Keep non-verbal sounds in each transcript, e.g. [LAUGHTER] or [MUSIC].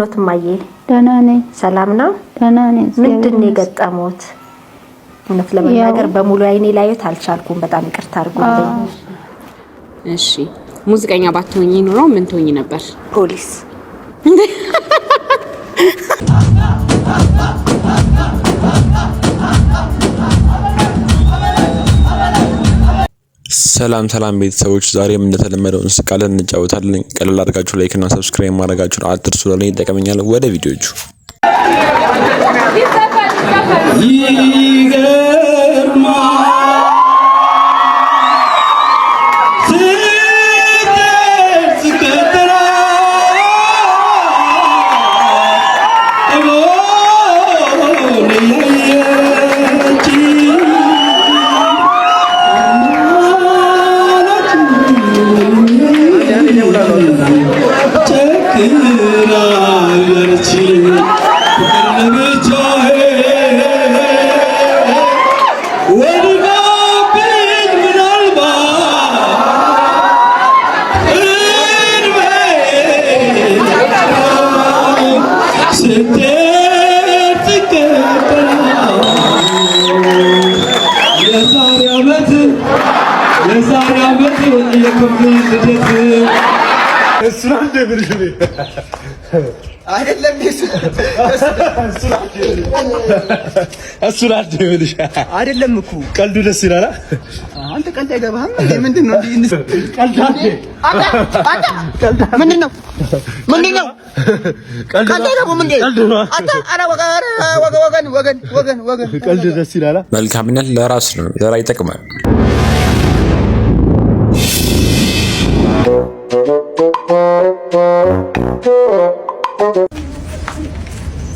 ኖትማዬ ደህና ነኝ። ሰላም ነው? ደህና ነኝ። ምንድን ነው የገጠመዎት? እውነት ለመናገር በሙሉ አይኔ ላየት አልቻልኩም። በጣም ይቅርታ አድርጉልኝ። እሺ፣ ሙዚቀኛ ባትሆኚ ኑሮ ምን ትሆኚ ነበር? ፖሊስ። [LAUGHS] ሰላም ሰላም ቤተሰቦች ዛሬም እንደተለመደው እንስቃለን፣ እንጫወታለን። ቀለል አድርጋችሁ ላይክ እና ሰብስክራይብ ማድረጋችሁን አትርሱ። ለኔ ይጠቅመኛል። ወደ ቪዲዮቹ እሱን አንድ ብር አይደለም እሱን አንድ ብር አይደለም እኮ ቀልዱ ደስ ይላል። አንተ ቀልድ አይገባህም። ምንድን ነው ምንድን ነው ምንድን ነው? መልካምነት ለራስ ነው፣ ለራ ይጠቅማል።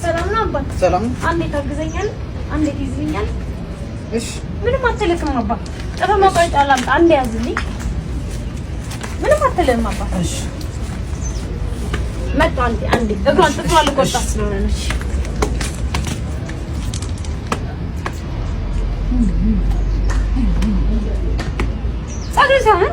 ሰላም ነው አባ። ሰላም ነው። አንዴ ታግዘኛለህ፣ አንዴ ትይዝልኛለህ። እሺ፣ ምንም አትልክም አባ። ጥሩ መቁረጫ ላምጣ፣ አንዴ ያዝልኝ። ምንም አትልም አባ። እሺ፣ መጣ። አንዴ አንዴ እግሯን ጥፍሯ ልቆጣ ስለሆነ ነች። ጸጉር ሳይሆን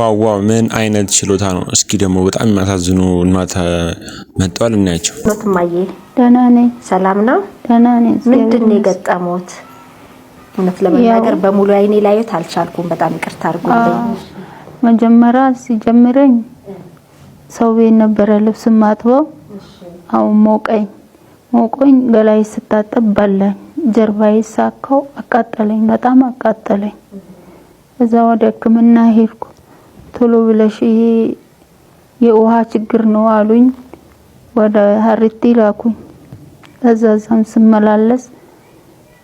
ዋው ዋው! ምን አይነት ችሎታ ነው! እስኪ ደግሞ በጣም የሚያሳዝኑ እናት መጥተዋል፣ እናያቸው። ትማዬ ደህና ነኝ። ሰላም ነው? ደህና ነኝ። ምንድን ነው የገጠሙት? እውነት ለመናገር በሙሉ አይኔ ላየት አልቻልኩም። በጣም ይቅርታ አድርጉልኝ። መጀመሪያ ሲጀምረኝ ሰው ቤት ነበረ ልብስ ማጥበው። አሁን ሞቀኝ ሞቆኝ ገላይ ስታጠብ ጀርባ ጀርባዬ ሳካው አቃጠለኝ፣ በጣም አቃጠለኝ። እዛ ወደ ሕክምና ሄድኩ። ቶሎ ብለሽ ይሄ የውሃ ችግር ነው አሉኝ። ወደ ሀሪቲ ላኩኝ። እዛዛም ስመላለስ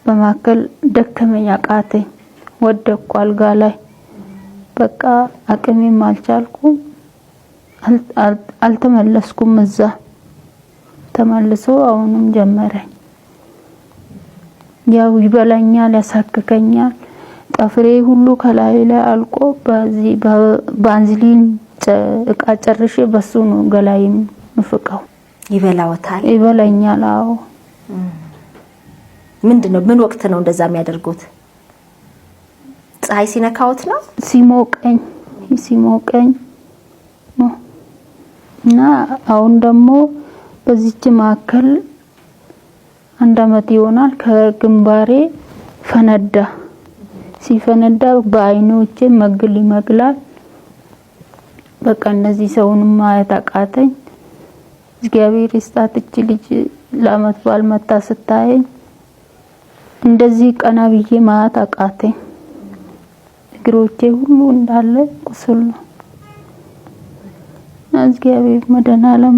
በማከል ደከመኝ፣ አቃተኝ፣ ወደኩ አልጋ ላይ በቃ አቅሜም አልቻልኩ፣ አልተመለስኩም። እዛ ተመልሶ አሁንም ጀመረኝ። ያው ይበላኛል፣ ያሳክከኛል ጠፍሬ ሁሉ ከላዩ ላይ አልቆ በአንዝሊን እቃ ጨርሼ በሱ ነው ገላይም ምፍቀው። ይበላውታል፣ ይበላኛል። አዎ። ምንድን ነው ምን ወቅት ነው እንደዛ የሚያደርጉት? ፀሐይ ሲነካውት ነው? ሲሞቀኝ ሲሞቀኝ እና አሁን ደግሞ በዚች መካከል አንድ አመት ይሆናል ከግንባሬ ፈነዳ። ሲፈነዳ በአይኖቼ መግል ይመግላል። በቃ እነዚህ ሰውን ማየት አቃተኝ። እግዚአብሔር ይስጣት እቺ ልጅ ለአመት በዓል መታ ስታየኝ እንደዚህ ቀና ብዬ ማየት አቃተኝ። እግሮቼ ሁሉ እንዳለ ቁስል ነው። እግዚአብሔር መድኃኔዓለም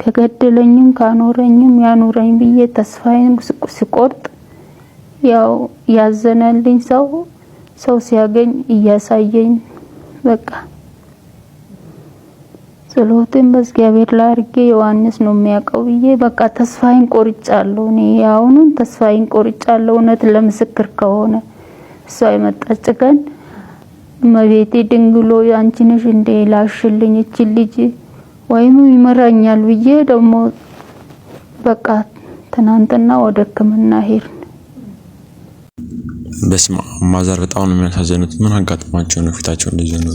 ከገደለኝም ካኖረኝም ያኖረኝ ብዬ ተስፋዬን ስቆርጥ ያው ያዘነልኝ ሰው ሰው ሲያገኝ እያሳየኝ በቃ ጸሎትን በእግዚአብሔር ላይ አድርጌ ዮሐንስ ነው የሚያውቀው ብዬ በቃ ተስፋዬን ቆርጫለሁ። እኔ አሁኑን ተስፋዬን ቆርጫለሁ። እውነት ለምስክር ከሆነ እሷ የመጣች ቀን እመቤቴ ድንግሎ አንቺ ነሽ እንደ ላሽልኝ እቺ ልጅ ወይም ይመራኛል ብዬ ደግሞ በቃ ትናንትና ወደ ሕክምና ሄድ በስማ ማዘር በጣም ነው የሚያሳዘኑት። ምን አጋጥማቸው ነው ፊታቸው እንደዚህ ነው?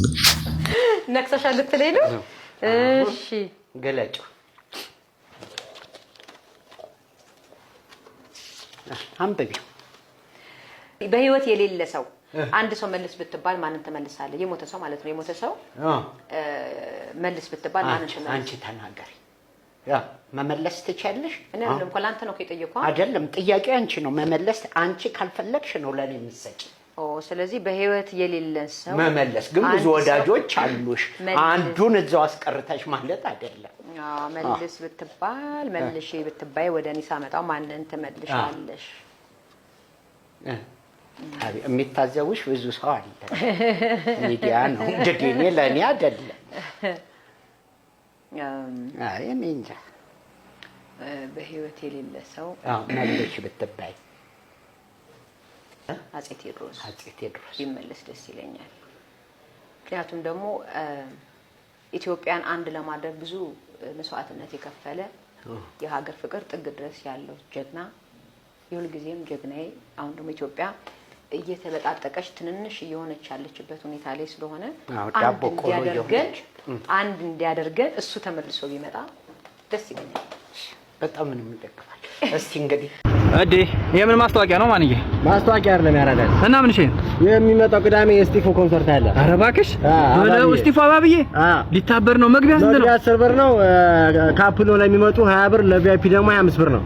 ነቅሰሻል ልትለኝ ነው? እሺ ገለጩ አንብቢ። በህይወት የሌለ ሰው አንድ ሰው መልስ ብትባል ማንን ትመልሳለህ? የሞተ ሰው ማለት ነው። የሞተ ሰው መልስ ብትባል ማንን ትመልሳለህ? አንቺ ተናገሪ መመለስ ትችያለሽ። እኔ አይደለም እኮ ለአንተ ነው እኮ የጠየኩህ። አይደለም ጥያቄ አንቺ ነው መመለስ። አንቺ ካልፈለግሽ ነው ለእኔ የምትሰጪ። ስለዚህ በህይወት የሌለን ሰው መመለስ ግን ብዙ ወዳጆች አሉሽ። አንዱን እዛው አስቀርተሽ ማለት አይደለም። አዎ መልስ ብትባል መልሼ ብትባይ ወደ እኔ ሳመጣው ማንን ትመልሻለሽ? የሚታዘቡሽ ብዙ ሰው አለ። ሚዲያ ነው እንግዲህ እኔ ለእኔ አይደለም እኔ እንጃ በህይወት የሌለ ሰው መለሽ ብትባይ አጼ ቴዎድሮስ አጼ ቴዎድሮስ ቢመለስ ደስ ይለኛል። ምክንያቱም ደግሞ ኢትዮጵያን አንድ ለማድረግ ብዙ መስዋዕትነት የከፈለ የሀገር ፍቅር ጥግ ድረስ ያለው ጀግና የሁልጊዜም ጀግናዬ። አሁን ደግሞ ኢትዮጵያ እየተበጣጠቀች ትንንሽ እየሆነች ያለችበት ሁኔታ ላይ ስለሆነ አንድ እንዲያደርገን አንድ እንዲያደርገን እሱ ተመልሶ ቢመጣ ደስ ይለኛል። በጣም ምንም ይደግፋል። እስቲ እንግዲህ እዴ የምን ማስታወቂያ ነው? ማንዬ ማስታወቂያ አይደለም ያራዳል። እና ምን እሺ፣ የሚመጣው ቅዳሜ የስቲፎ ኮንሰርት አለ። ኧረ እባክሽ ወደ ስቲፎ አባብዬ ሊታበር ነው። መግቢያ ስንት ነው? አስር ብር ነው። ካፕሎ ላይ የሚመጡ 20 ብር፣ ለቪአይፒ ደግሞ 25 ብር ነው።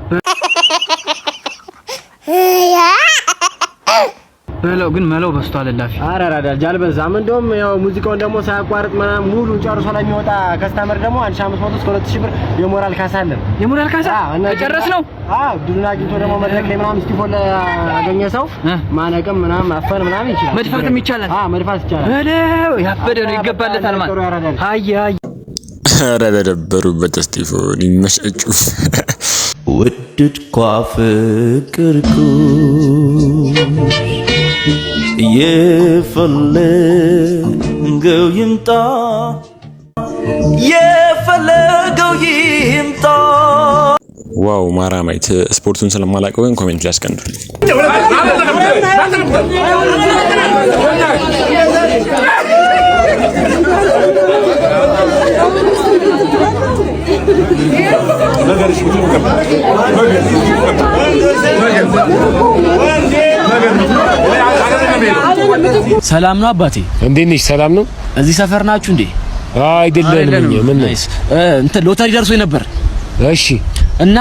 በለው ግን መለው በስቷል። ላፊ ኧረ ኧረ እንደውም ያው ሙዚቃውን ደግሞ ሳያቋርጥ ምናምን ሙሉ ጨርሶ ለሚወጣ ከስተመር ደግሞ 1500 እስከ 2000 ብር የሞራል ካሳ አለን። የሞራል ካሳ ተጨረስ ነው። አዎ ድሉን አግኝቶ ደግሞ መድረክ ላይ ምናምን እስኪፎ ላገኘ ሰው ማነቅም ምናምን ማፈን ምናምን ይችላል። መድፋትም ይቻላል። አዎ መድፋት ይቻላል። በለው ያበደ ነው ይገባለታል ማለት አይ አይ ኧረ በደበሩበት እስቲፎን ይመሸጩ ወድድ ኳ የፈለገው ይምጣ የፈለገው ይምጣ። ዋው ማራማይት ስፖርቱን ስለማላውቀው ግን ኮሜንት ላይ ሰላም ነው አባቴ፣ እንዴት ነሽ? ሰላም ነው። እዚህ ሰፈር ናችሁ እንዴ? አይደለም። ምን ሎተሪ ደርሶኝ ነበር። እሺ እና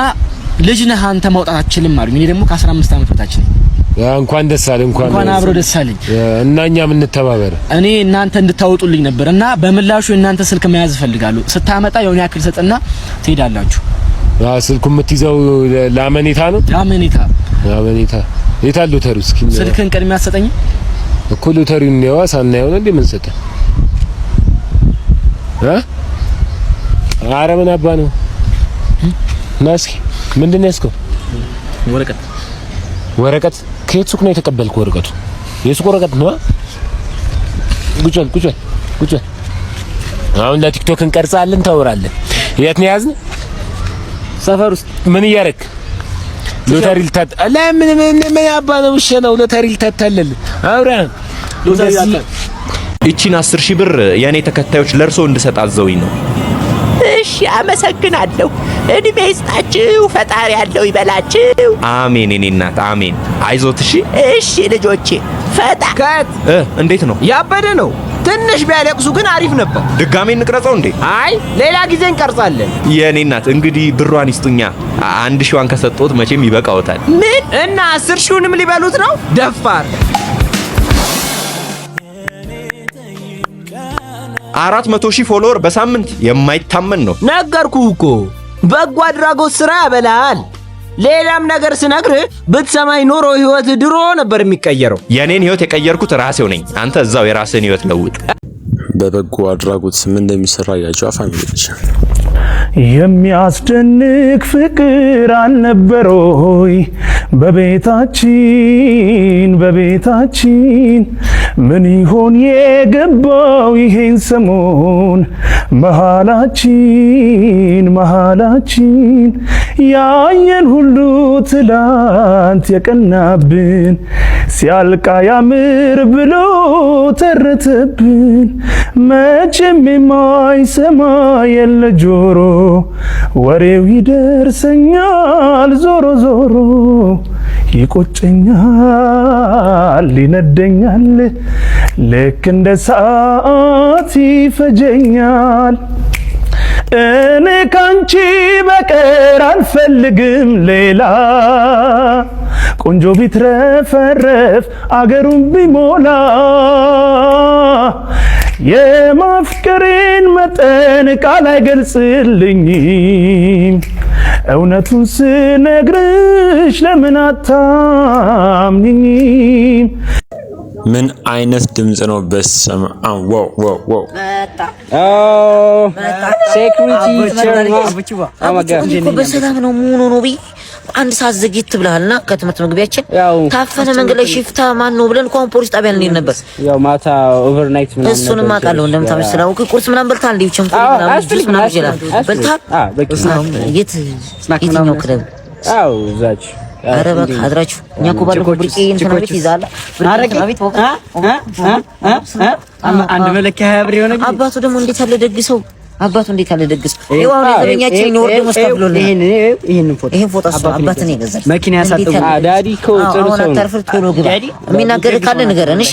ልጅ ነህ አንተ ማውጣት አችልም አሉኝ። እኔ ደግሞ ከ15 ዓመት በታች ነኝ። እንኳን ደስ አለ እንኳን እንኳን አብሮ ደስ አለኝ እና እኛም እንተባበር እኔ እናንተ እንድታወጡልኝ ነበር እና በምላሹ እናንተ ስልክ መያዝ እፈልጋለሁ። ስታመጣ የሆነ ያክል ሰጥና ትሄዳላችሁ። ስልኩ የምትይዘው ለአመኔታ ነው። አመኔታ አመኔታ የት አለ ሎተሪው? እስኪ ስልክን ቅድሚያ አትሰጠኝ እኮ ሎተሪውን ነው ያው ሳናየው ነው እንዴ ምን ሰጠ አረ ምን አባ ነው ናስኪ ምንድን ነው ያዝከው? ወረቀት ወረቀት ከየት ሱቅ ነው የተቀበልከው? ወረቀቱ የሱቅ ወረቀት ነው። ቁጭ በል ቁጭ በል ቁጭ በል። አሁን ለቲክቶክ እንቀርጻለን፣ ታወራለን። የት ነው ያዝን? ሰፈር ውስጥ ምን እያደረክ ሎተሪ ልታት ለምን ምን ምን አባ ነው ውሸ ነው ሎተሪ ልታታለል አውራ ሎተሪ ልታት። እቺን አስር ሺህ ብር የኔ ተከታዮች ለእርሶ እንድሰጥ አዘውኝ ነው እሺ፣ አመሰግናለሁ። እድሜ ይስጣችሁ፣ ፈጣሪ ያለው ይበላችሁ። አሜን። እኔ እናት አሜን። አይዞት። እሺ፣ እሺ ልጆቼ። ፈጣ ከት እንዴት ነው? ያበደ ነው። ትንሽ ቢያለቅሱ ግን አሪፍ ነበር። ድጋሜ እንቅረጸው እንዴ? አይ ሌላ ጊዜ እንቀርጻለን። የኔ እናት እንግዲህ ብሯን ይስጡኛ። አንድ ሺዋን ከሰጡት መቼም ይበቃውታል ምን እና አስር ሺውንም ሊበሉት ነው? ደፋር አራት መቶ ሺህ ፎሎወር በሳምንት የማይታመን ነው። ነገርኩ እኮ በጎ አድራጎት ስራ ያበላል። ሌላም ነገር ስነግር ብትሰማኝ ኖሮ ህይወት ድሮ ነበር የሚቀየረው። የእኔን ህይወት የቀየርኩት ራሴው ነኝ። አንተ እዛው የራስን ህይወት ለውጥ። በበጎ አድራጎት ስም እንደሚሰራ ያጫፋ የሚያስደንቅ ፍቅር አልነበረ ሆይ በቤታችን በቤታችን ምን ይሆን የገባው ይሄን ሰሞን መሃላችን መሃላችን ያየን ሁሉ ትላንት የቀናብን ሲያልቃ ያምር ብሎ ተረተብን መቼም የማይሰማ የለ ጆሮ ወሬው ይደርሰኛል ዞሮ ዞሮ ይቆጨኛል ይነደኛል ልክ እንደ ሰዓት ይፈጀኛል። እኔ ካንቺ በቀር አልፈልግም ሌላ ቆንጆ ቢትረፈረፍ አገሩን ቢሞላ የማፍቅሬን መጠን ቃል አይገልጽልኝም። እውነቱን ስነግርሽ ለምን አታምኝም? ምን አይነት ድምፅ ነው? በስመ አብ ዋው ዋው ዋው ሴኩሪቲ በሰላም ነው ነው ብዬ አንድ ሰዓት ዘግይት ብለሃልና ከትምህርት መግቢያችን ታፈነ መንገድ ላይ ሽፍታ ማን ነው ብለን እንኳን ፖሊስ ጣቢያ ልንሄድ ነበር። ያው ማታ ምናምን እሱንም አውቃለሁ እንደምታመሽ ቁርስ ምናምን እንደ የትኛው ክለብ? አዎ እዛች ኧረ አድራችሁ እኛ እኮ ባለፈው ብርቄ ቤት አንድ መለኪያ ሀያ ብር የሆነ አባቱ ደግሞ እንዴት ያለ ደግ ሰው አባቱ እንዴት አለ ደግስ ይሄው አሁን የዘበኛችን ነው ወርዶ መስቀብሎና ይሄን ይሄን ፎቶ ይሄን ፎቶ አሱ አባቱ ነው የገዛል። መኪና ዳዲ ኮ ጥሩ ሰው ነው ዳዲ ቶሎ ግባ። የሚናገር ካለ ንገረን እሺ።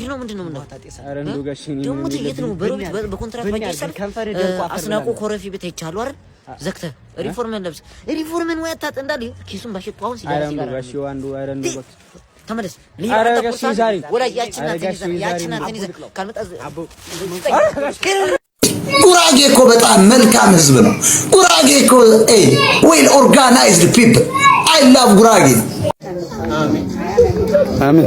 ይህ ነው ምንድን ነው ኮረፊ ቤት ይቻሉ አይደል ዘግተህ ሪፎርምን ለብሰህ ሪፎርምን ወይ አታጥ እንዳል ኪሱን ባሽጡ አሁን ተመለስ ጉራጌ እኮ በጣም መልካም ህዝብ ነው ጉራጌ እኮ ዌል ኦርጋናይዝድ ፒፕል አይ ላቭ ጉራጌ አሜን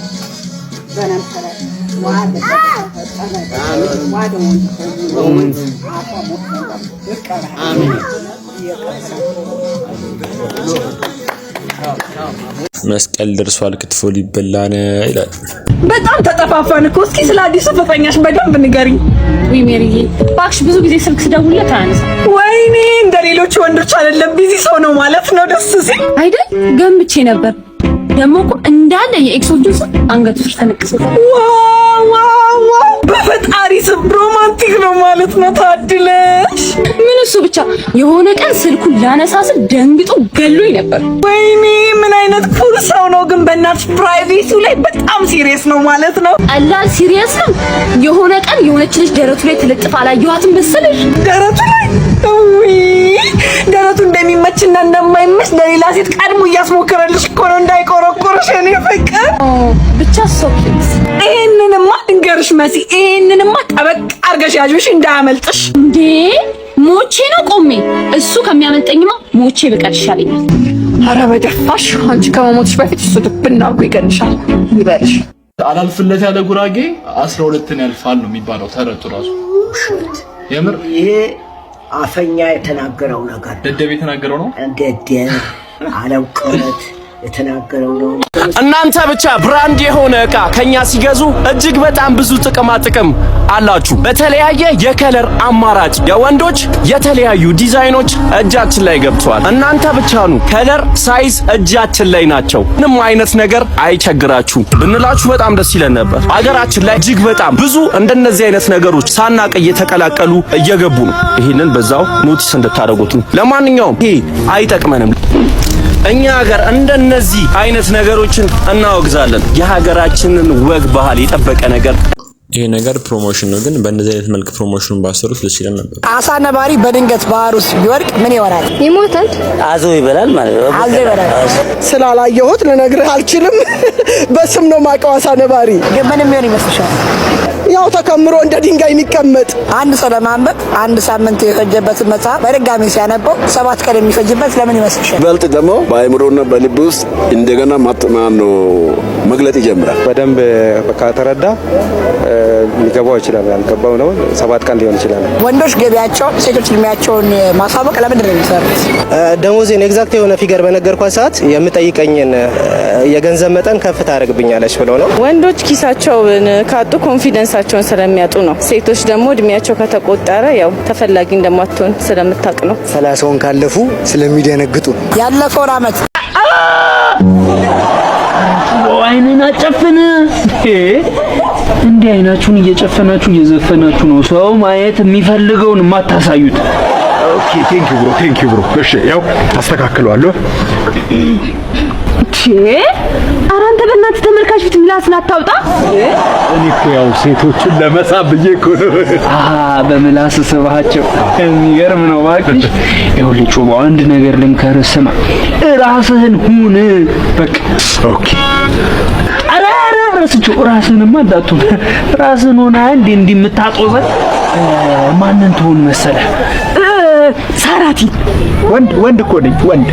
በነበረ መስቀል ደርሷል፣ ክትፎ ሊበላ ነው ይላል። በጣም ተጠፋፋን እኮ። እስኪ ስለ አዲሱ ፍቅረኛሽ በደንብ ንገሪኝ። ወይ ሜሪዬ እባክሽ፣ ብዙ ጊዜ ስልክ ስደውልለት አያነሳም። ወይኔ እንደ ሌሎች ወንዶች አይደለም፣ ቢዚ ሰው ነው ማለት ነው። ደስ ሲል አይደል ገምቼ ነበር። ደግሞ እንዳለ የኤክሶቹ አንገት አንገቱ ስር ተነቅሶ በፈጣሪ ስም ሮማንቲክ ነው ማለት ነው። ታድለሽ ምን እሱ ብቻ የሆነ ቀን ስልኩን ላነሳስል ደንግጦ ገሎኝ ነበር። ወይኔ ምን አይነት ኩል ሰው ነው ግን! በእናትሽ ፕራይቬሲው ላይ በጣም ሲሪየስ ነው ማለት ነው። ቀላል ሲሪየስ ነው። የሆነ ቀን የሆነች ልጅ ደረቱ ላይ ትለጥፍ አላየኋትም መሰለሽ ደረቱ ላይ ደረቱ እንደሚመችና እንደማይመች ለሌላ ሴት ቀድሞ እያስሞከረልሽ እኮ ነው እንዳይቆረቆረሽ። እኔ ፍቅር ብቻ ሶኪት ይሄንንማ ድንገርሽ መሲ፣ ይሄንንማ ጠበቅ አርገሽ ያዥሽ እንዳያመልጥሽ። እንዴ ሞቼ ነው ቆሜ፣ እሱ ከሚያመልጠኝማ ሞቼ ብቀር ይሻለኛል። አረ በደፋሽ አንቺ ከመሞትሽ በፊት እሱ ድብና አርጎ ይገንሻል ይበልሽ። አላልፍለት ያለ ጉራጌ አስራ ሁለትን ያልፋል ነው የሚባለው ተረቱ ራሱ የምር አፈኛ የተናገረው ነገር ደደብ የተናገረው ነው። ደደብ አለውቀት የተናገረው ነው። እናንተ ብቻ ብራንድ የሆነ እቃ ከኛ ሲገዙ እጅግ በጣም ብዙ ጥቅማ ጥቅም አላችሁ። በተለያየ የከለር አማራጭ የወንዶች የተለያዩ ዲዛይኖች እጃችን ላይ ገብተዋል። እናንተ ብቻ ኑ ከለር፣ ሳይዝ እጃችን ላይ ናቸው። ምንም አይነት ነገር አይቸግራችሁ ብንላችሁ በጣም ደስ ይለን ነበር። አገራችን ላይ እጅግ በጣም ብዙ እንደነዚህ አይነት ነገሮች ሳናቅ እየተቀላቀሉ እየገቡ ነው። ይህንን በዛው ኖቲስ እንድታደርጉት ነው። ለማንኛውም ይሄ አይጠቅመንም። እኛ ሀገር እንደነዚህ አይነት ነገሮችን እናወግዛለን። የሀገራችንን ወግ ባህል የጠበቀ ነገር ይሄ ነገር ፕሮሞሽን ነው፣ ግን በእንደዚህ አይነት መልክ ፕሮሞሽኑን ባሰሩት ደስ ይላል ነበር። አሳ ነባሪ በድንገት ባህር ውስጥ ቢወድቅ ምን ይሆናል? ይሞታል። አዞ ይበላል ማለት ነው። አዞ ይበላል። ስላላየሁት ልነግርህ አልችልም። [LAUGHS] በስም ነው የማውቀው። አሳ ነባሪ ግን ምን የሚሆን ይመስልሻል? ያው ተከምሮ እንደ ድንጋይ የሚቀመጥ አንድ ሰው ለማንበብ አንድ ሳምንት የፈጀበትን መጽሐፍ በድጋሚ ሲያነበው ሰባት ቀን የሚፈጅበት ለምን ይመስልሻል? ይበልጥ ደግሞ በአእምሮና በልብ ውስጥ እንደገና ማጥማን ነው መግለጥ ይጀምራል። በደንብ ተረዳ ሊገባው ይችላል። ያልገባው ነው ሰባት ቀን ሊሆን ይችላል። ወንዶች ገቢያቸው፣ ሴቶች እድሜያቸውን ማሳወቅ ለምንድን ነው የሚሰሩት? ደሞዜን ኤግዛክት የሆነ ፊገር በነገርኳት ሰዓት የምጠይቀኝን የገንዘብ መጠን ከፍ ታደርግብኛለች ብለው ነው። ወንዶች ኪሳቸውን ካጡ ኮንፊደንሳቸውን ስለሚያጡ ነው። ሴቶች ደግሞ እድሜያቸው ከተቆጠረ ያው ተፈላጊ እንደማትሆን ስለምታውቅ ነው። ሰላሳውን ካለፉ ስለሚደነግጡ ነው። ያለፈውን አመት አይንን አጨፍን እንዲህ አይናችሁን እየጨፈናችሁ እየዘፈናችሁ ነው ሰው ማየት የሚፈልገውን የማታሳዩት። ኦኬ ቴንክ ዩ ብሮ ቴንክ ዩ ብሮ። እሺ ያው አስተካክለዋለሁ። ኧረ አንተ በእናትህ ተመልካች ፊት ምላስ ላታውጣ። እኔ እኮ ያው ሴቶቹን ለመሳብ ብዬ እኮ ነው። አሃ በምላስ ስባቸው የሚገርም ነው። እባክሽ ይኸውልሽ፣ አንድ ነገር ልምከርህ፣ ስማ፣ ራስህን ሁን በቃ ኦኬ ረስቼው ራስህንማ እንዳትሆን ራስህን ሆና እንዴ እንዲህ የምታጦዘ ማንን ትሆን መሰለ? ሳራቲ ወንድ ወንድ እኮ ነኝ ወንድ።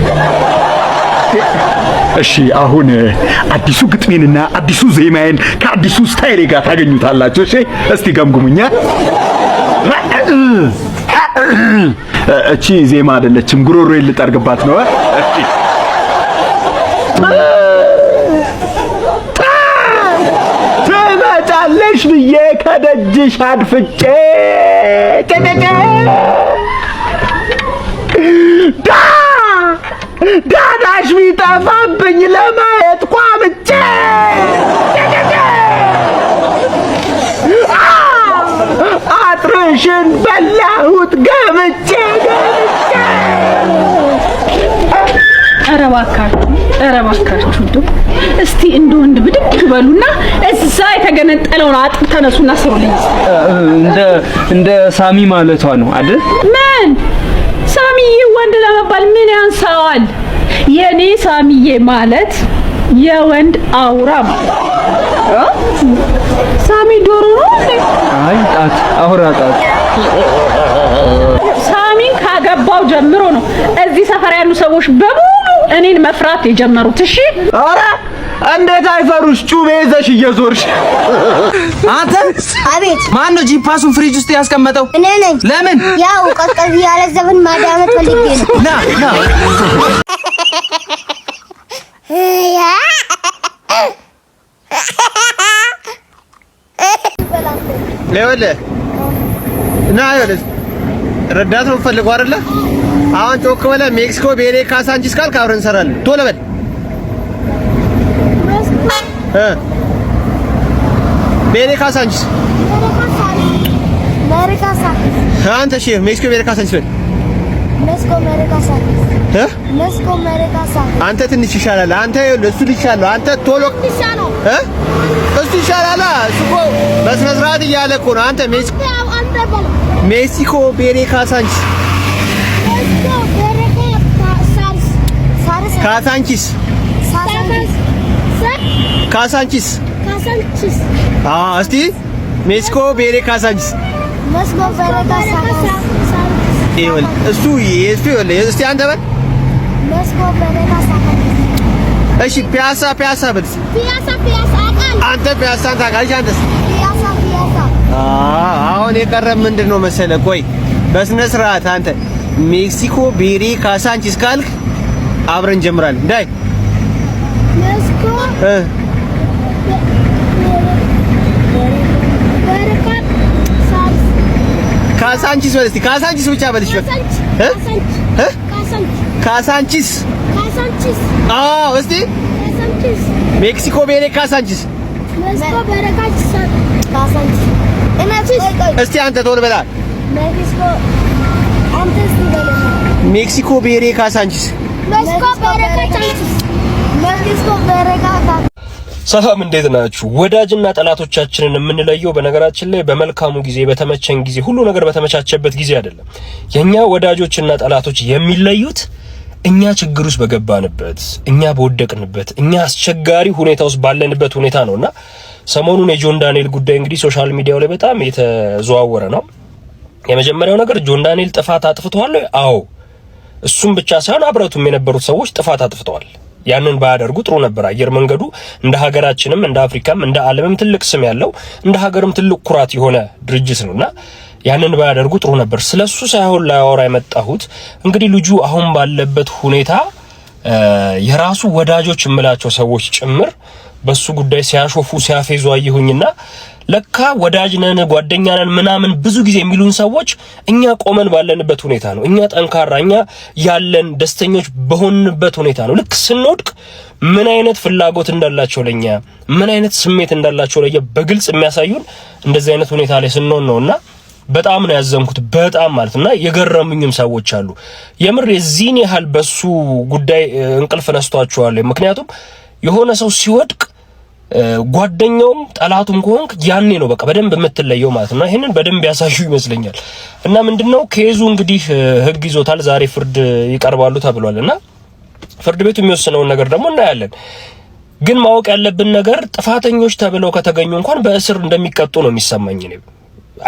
እሺ አሁን አዲሱ ግጥሜንና አዲሱ ዜማዬን ከአዲሱ ስታይሌ ጋር ታገኙታላችሁ። እሺ እስቲ ገምግሙኛ። እቺ ዜማ አይደለችም፣ ጉሮሮዬን ልጠርግባት ነው። እሺ ልጅሽ ብዬ ከደጅሽ አድፍጬ ዳ ዳዳሽ ቢጠፋብኝ ለማየት ቋምጬ አጥርሽን በላሁት ገምጬ ገምጬ ኧረ እባካችሁ ኧረ እባካችሁ እንደው እስቲ እንደ ወንድ ብድግ በሉና እዛ የተገነጠለውን አጥር ተነሱና ስሩልኝ። እንደ እንደ ሳሚ ማለቷ ነው አይደል? ምን ሳሚዬ ወንድ ለመባል ምን ያንሳዋል? የኔ ሳሚዬ ማለት የወንድ አውራ ማለት ሳሚ ዶሮ ነው። አይ ጣት አውራ ጣት ሳሚን ካገባው ጀምሮ ነው እዚህ ሰፈር ያሉ ሰዎች በሙ እኔን መፍራት የጀመሩት። እሺ ኧረ እንዴት አይፈሩሽ? ጩቤ ይዘሽ እየዞርሽ አንተ። አቤት። ማን ነው ጂፓሱን ፍሪጅ ውስጥ ያስቀመጠው? እኔ ነኝ። ለምን? ያው ቀዝቀዝ ያለ ዘብን ማዳመጥ ፈልጌ ነው። ና ና ይኸውልህ፣ [LAUGHS] ና ይኸውልህ፣ ረዳት ነው የምፈልገው አይደለ አሁን ጮክ ብለህ ሜክሲኮ ቤሬ ካሳንቺስ ካልክ አብረን እንሰራለን። ቶሎ በል ቤሬ ካሳንቺስ አንተ እሺ፣ ሜክሲኮ ቤሬ ካሳንቺስ በል አንተ ትንሽ ይሻላል። አንተ እሱ ልሻለሁ። አንተ ቶሎ እሱ ይሻላል። እሱ እኮ በስነ ስርዓት እያለ እኮ ነው። አንተ ሜክሲኮ ቤሬ ካሳንቺስ ካሳንቺስ ካሳንቺስ ካሳንቺስ። እስቲ ሜክሲኮ ቤሬ ካሳንቺስ እሱ የሱ ይኸውልህ፣ እስቲ አንተ በል እሺ። ፒያሳ ፒያሳ በል አንተ ፒያሳን ታውቃለች። አንተስ አሁን የቀረ ምንድን ነው መሰለህ? ቆይ በስነ ስርዓት አንተ ሜክሲኮ ቤሬ ካሳንቺስ ካልክ አብረን እንጀምራለን። ዳይ ካሳንቺስ በል እስኪ ካሳንቺስ ብቻ በልሽ። ካሳንቺስ አዎ፣ እስቲ ሜክሲኮ ቤሬ ካሳንቺስ እስቲ አንተ ቶሎ በላ ሜክሲኮ ቤሬ ካሳንቺስ ሰላም እንዴት ናችሁ? ወዳጅና ጠላቶቻችንን የምንለየው በነገራችን ላይ በመልካሙ ጊዜ በተመቸን ጊዜ ሁሉ ነገር በተመቻቸበት ጊዜ አይደለም። የኛ ወዳጆችና ጠላቶች የሚለዩት እኛ ችግር ውስጥ በገባንበት፣ እኛ በወደቅንበት፣ እኛ አስቸጋሪ ሁኔታ ውስጥ ባለንበት ሁኔታ ነውና ሰሞኑን የጆን ዳንኤል ጉዳይ እንግዲህ ሶሻል ሚዲያው ላይ በጣም የተዘዋወረ ነው። የመጀመሪያው ነገር ጆን ዳንኤል ጥፋት አጥፍቷል። አዎ እሱም ብቻ ሳይሆን አብረቱም የነበሩት ሰዎች ጥፋት አጥፍተዋል። ያንን ባያደርጉ ጥሩ ነበር። አየር መንገዱ እንደ ሀገራችንም እንደ አፍሪካም እንደ ዓለምም ትልቅ ስም ያለው እንደ ሀገርም ትልቅ ኩራት የሆነ ድርጅት ነውና ያንን ባያደርጉ ጥሩ ነበር። ስለሱ ሳይሆን ላያወራ የመጣሁት እንግዲህ ልጁ አሁን ባለበት ሁኔታ የራሱ ወዳጆች የምላቸው ሰዎች ጭምር በሱ ጉዳይ ሲያሾፉ ሲያፌዙ አየሁኝና ለካ ወዳጅነን፣ ጓደኛነን ምናምን ብዙ ጊዜ የሚሉን ሰዎች እኛ ቆመን ባለንበት ሁኔታ ነው። እኛ ጠንካራ እኛ ያለን ደስተኞች በሆንበት ሁኔታ ነው። ልክ ስንወድቅ ምን አይነት ፍላጎት እንዳላቸው ለኛ ምን አይነት ስሜት እንዳላቸው ለየ በግልጽ የሚያሳዩን እንደዚህ አይነት ሁኔታ ላይ ስንሆን ነውና በጣም ነው ያዘንኩት። በጣም ማለት እና የገረሙኝም ሰዎች አሉ። የምር የዚህን ያህል በሱ ጉዳይ እንቅልፍ ነስቷቸዋል። ምክንያቱም የሆነ ሰው ሲወድቅ ጓደኛውም ጠላቱም ከሆንክ ያኔ ነው በቃ በደንብ የምትለየው ማለት ነው። ይህንን በደንብ ያሳዩ ይመስለኛል። እና ምንድነው ኬዙ እንግዲህ ህግ ይዞታል። ዛሬ ፍርድ ይቀርባሉ ተብሏል እና ፍርድ ቤቱ የሚወስነውን ነገር ደግሞ እናያለን። ግን ማወቅ ያለብን ነገር ጥፋተኞች ተብለው ከተገኙ እንኳን በእስር እንደሚቀጡ ነው የሚሰማኝ ነው።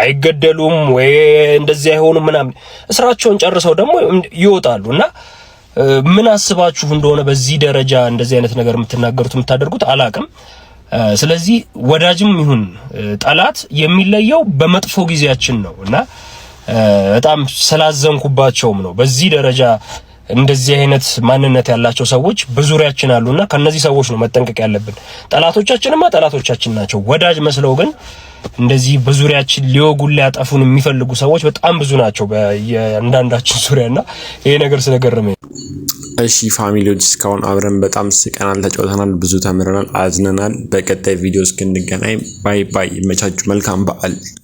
አይገደሉም ወይ እንደዚህ አይሆኑም ምናምን፣ እስራቸውን ጨርሰው ደግሞ ይወጣሉ እና ምን አስባችሁ እንደሆነ በዚህ ደረጃ እንደዚህ አይነት ነገር የምትናገሩት የምታደርጉት አላቅም። ስለዚህ ወዳጅም ይሁን ጠላት የሚለየው በመጥፎ ጊዜያችን ነው እና በጣም ስላዘንኩባቸውም ነው በዚህ ደረጃ እንደዚህ አይነት ማንነት ያላቸው ሰዎች በዙሪያችን አሉና ከነዚህ ሰዎች ነው መጠንቀቅ ያለብን። ጠላቶቻችንማ ጠላቶቻችን ናቸው። ወዳጅ መስለው ግን እንደዚህ በዙሪያችን ሊወጉን ሊያጠፉን የሚፈልጉ ሰዎች በጣም ብዙ ናቸው በእያንዳንዳችን [LAUGHS] ዙሪያና ይሄ ነገር ስለገረመ እሺ ፋሚሊዎች እስካሁን አብረን በጣም ስቀናል፣ ተጫውተናል፣ ብዙ ተምረናል፣ አዝነናል። በቀጣይ ቪዲዮ እስክንገናኝ ባይ ባይ። መቻችሁ። መልካም በዓል